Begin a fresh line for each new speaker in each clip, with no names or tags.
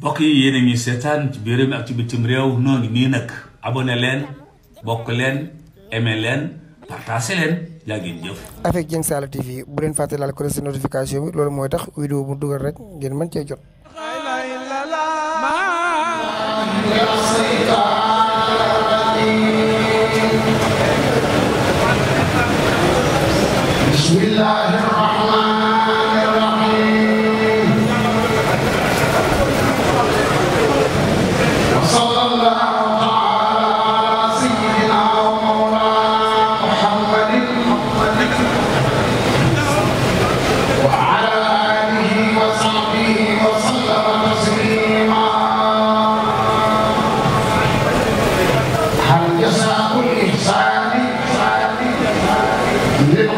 mbokk yi yéen a seetaan ci biir mi ak ci bitim réew noo ngi nii nag abonné leen bokk leen aimé leen partagé leen jaa ngeen jëf. avec Dieng Saala TV bu leen fàtte laal ko si notification loolu mooy tax vidéo bu dugal rek ngeen mën cee jot.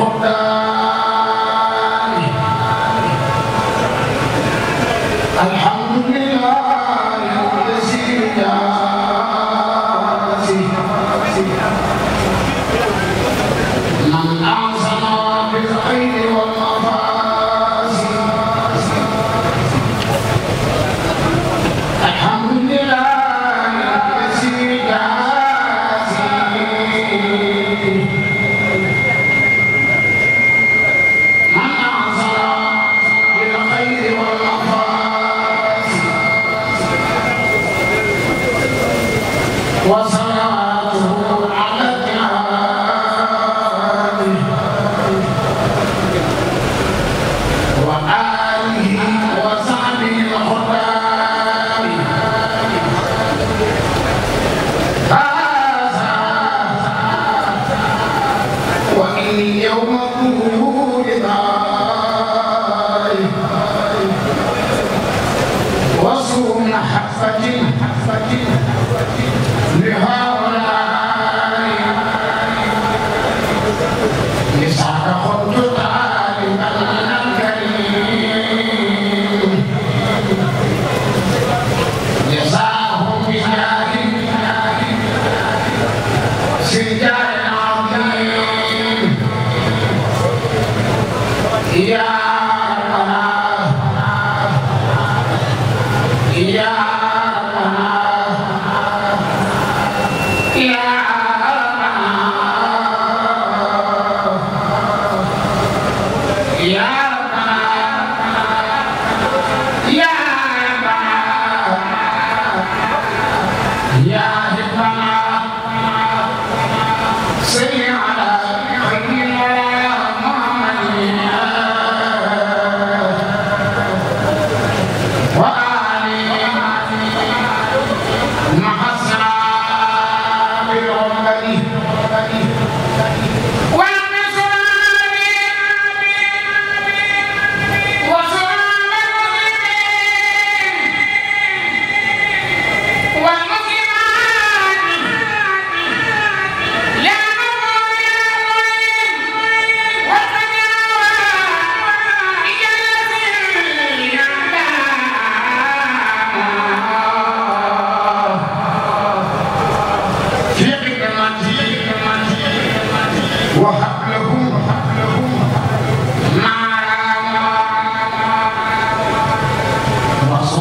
no. assim, é uma, um,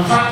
on fire.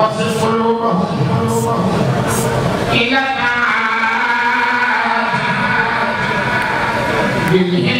وصلوا إلى النار بالهند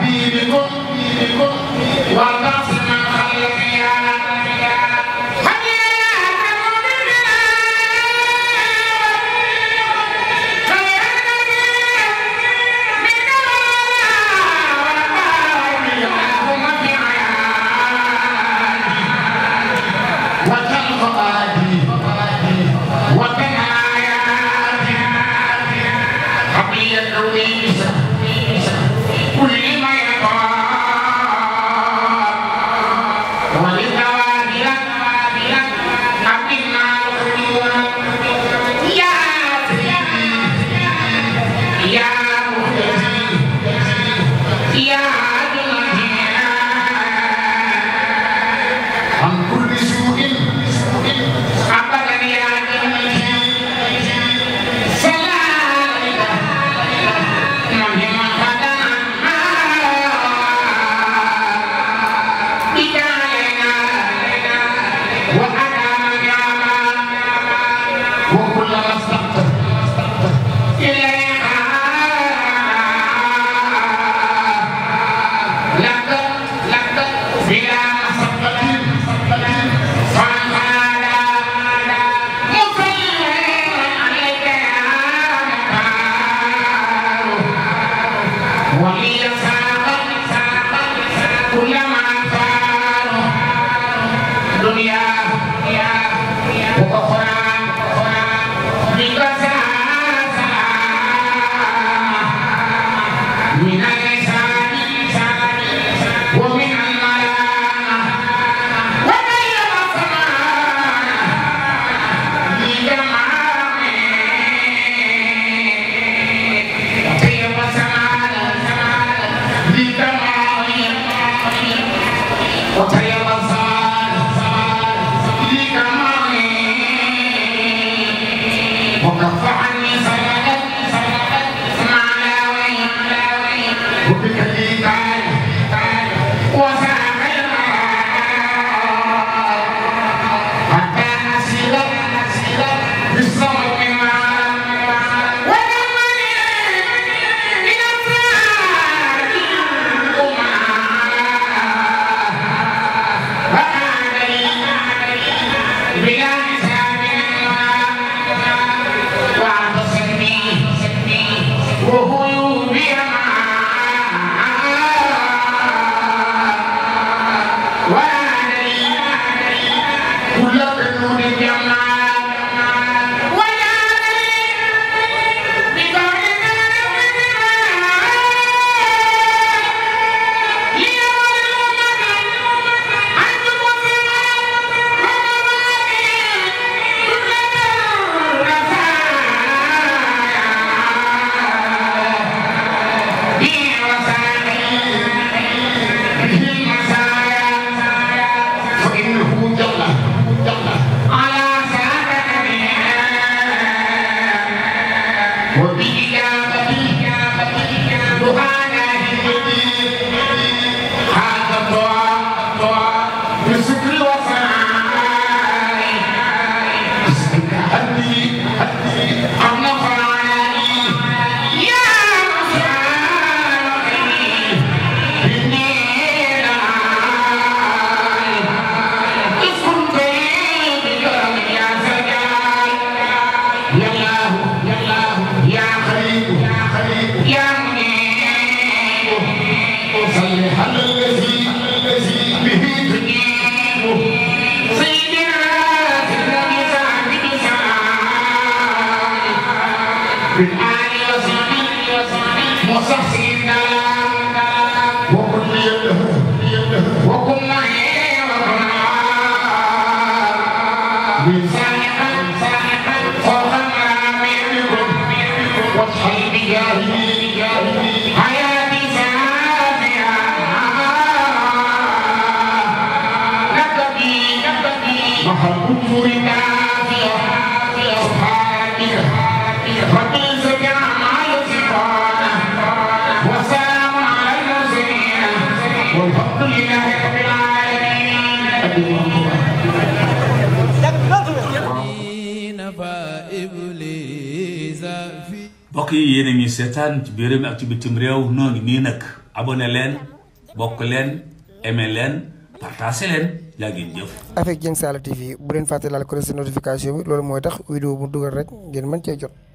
Be. Bye. I've been mbokk yi yéen a ngi seetaan ci biir ak ci bitim réew noo ngi nii nag abone leen bokk leen aimé leen partagé leen jaa ngeen jëf. avec Dieng Saala TV bu leen fàtte laal ko si notification loolu mooy tax vidéo bu dugal rek ngeen mën cee jot.